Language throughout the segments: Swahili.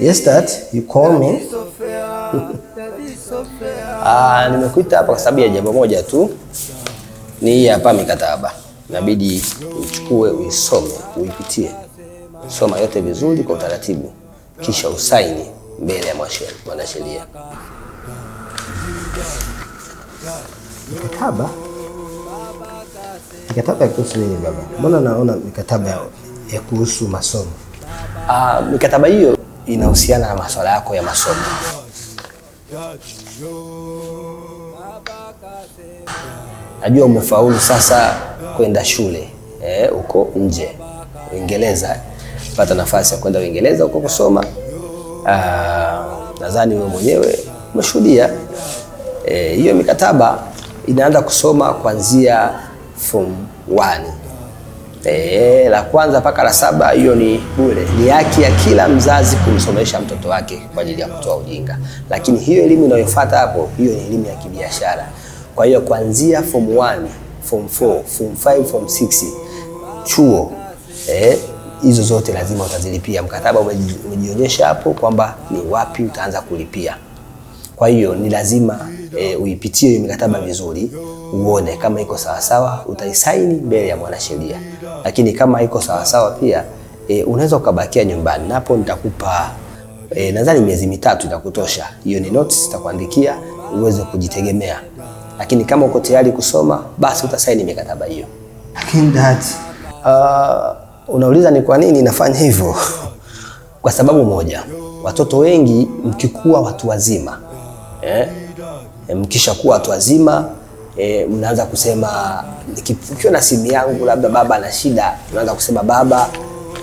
Yes, that you call me. Ah, nimekuita hapa kwa sababu ya jambo moja tu. Ni hii hapa mikataba. Inabidi uchukue, uisome, uipitie. Soma yote vizuri kwa utaratibu, kisha usaini mbele ya mwanasheria. Mikataba? Mikataba ya kuhusu nini baba? Mbona naona mikataba ya kuhusu masomo? Uh, mikataba hiyo inahusiana na masuala yako ya masomo. Najua umefaulu sasa kwenda shule eh, huko eh, nje Uingereza, pata nafasi ya kwenda Uingereza huko kusoma. Uh, nadhani wewe mwenyewe umeshuhudia eh, hiyo eh, mikataba inaanza kusoma kuanzia form 1. Eh, la kwanza mpaka la saba hiyo ni bure, ni haki ya kila mzazi kumsomesha mtoto wake kwa ajili ya kutoa ujinga, lakini hiyo elimu inayofuata hapo, hiyo ni elimu ya kibiashara. Kwa hiyo kuanzia form 1, form 4, form 5, form 6 chuo eh, hizo zote lazima utazilipia. Mkataba umejionyesha hapo kwamba ni wapi utaanza kulipia. Kwa hiyo ni lazima e, uipitie hiyo mikataba vizuri, uone kama iko sawasawa, utaisaini mbele ya mwanasheria, lakini kama iko sawasawa pia e, unaweza ukabakia nyumbani, napo nitakupa e, nadhani miezi mitatu itakutosha. Hiyo ni notice itakuandikia uweze kujitegemea, lakini kama uko tayari kusoma, basi utasaini mikataba hiyo. Lakini dad, uh, ah, unauliza ni kwa nini nafanya hivyo? Kwa sababu moja, watoto wengi mkikuwa watu wazima Eh? eh? Mkisha kuwa watu wazima eh, mnaanza kusema nikiwa na simu yangu labda baba ana shida, tunaanza kusema baba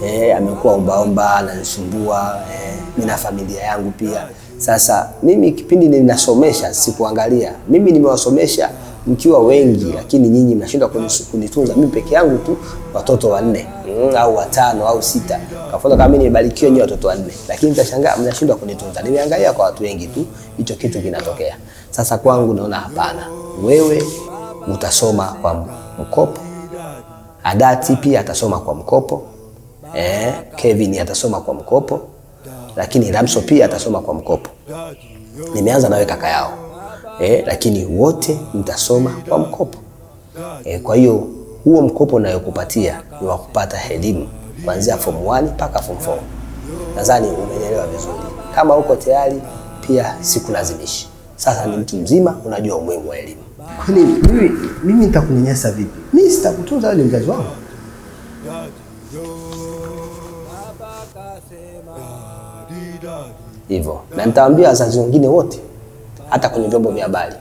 eh, amekuwa ombaomba ananisumbua, eh, nina familia yangu pia. Sasa mimi kipindi ninasomesha sikuangalia, mimi nimewasomesha mkiwa wengi, lakini nyinyi mnashindwa kunitunza mimi peke yangu tu, watoto wanne mm, au watano au sita. kafuta kama mimi nibarikiwe nyinyi watoto wanne, lakini mtashangaa mnashindwa kunitunza. Nimeangalia kwa watu wengi tu hicho kitu kinatokea. Sasa kwangu naona hapana, wewe utasoma kwa mkopo, Adati pia atasoma kwa mkopo eh, Kevin atasoma kwa mkopo, lakini Ramso pia atasoma kwa mkopo. Nimeanza nawe kaka yao eh, lakini wote mtasoma kwa mkopo eh. Kwa hiyo huo mkopo unayokupatia ni wa kupata elimu kuanzia form 1 mpaka form 4. Nadhani umeelewa vizuri. Kama uko tayari, pia sikulazimishi. Sasa ni mtu mzima, unajua umuhimu wa elimu. Kwani mimi mimi nitakunyanyasa vipi? Mimi sitakutunza wewe, ni mzazi wangu. Hivyo na nitawaambia wazazi wengine wote hata kwenye vyombo vya habari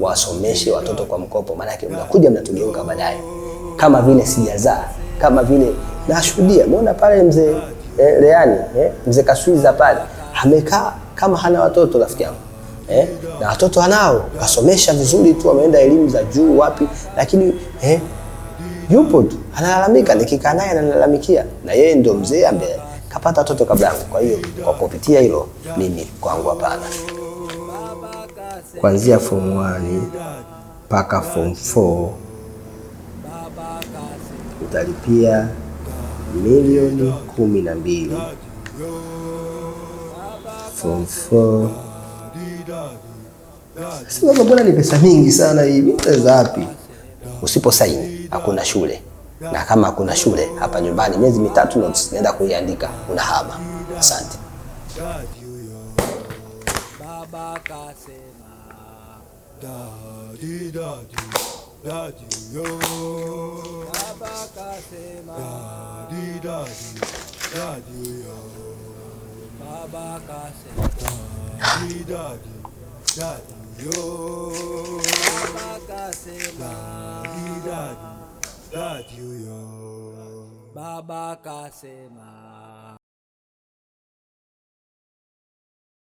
wasomeshe watoto kwa mkopo, maanake mnakuja mnatugeuka baadaye, kama vile sijazaa, kama vile nashuhudia. Umeona pale mzee eh, Leani eh, mzee Kaswiza pale amekaa kama hana watoto rafiki yangu eh, na watoto anao kasomesha vizuri tu, ameenda elimu za juu wapi, lakini eh, yupo tu analalamika, nikikaa naye analalamikia, na yeye ndio mzee ambaye kapata watoto kabla yangu. Kwa hiyo kwa kupitia hilo mimi kwangu hapana kuanzia form 1 mpaka form 4 utalipia milioni kumi na mbili. Form 4 sasa, mbona ni pesa mingi sana hivi? Pesa wapi? Usipo saini hakuna shule, na kama hakuna shule hapa nyumbani miezi mitatu notes naenda kuiandika, una haba. Asante. da di da di da di yo. Baba Kasema. Da di da di da di yo. Baba Kasema. Da di da di da di yo. Baba kase Da di da di da di yo. Baba Kasema.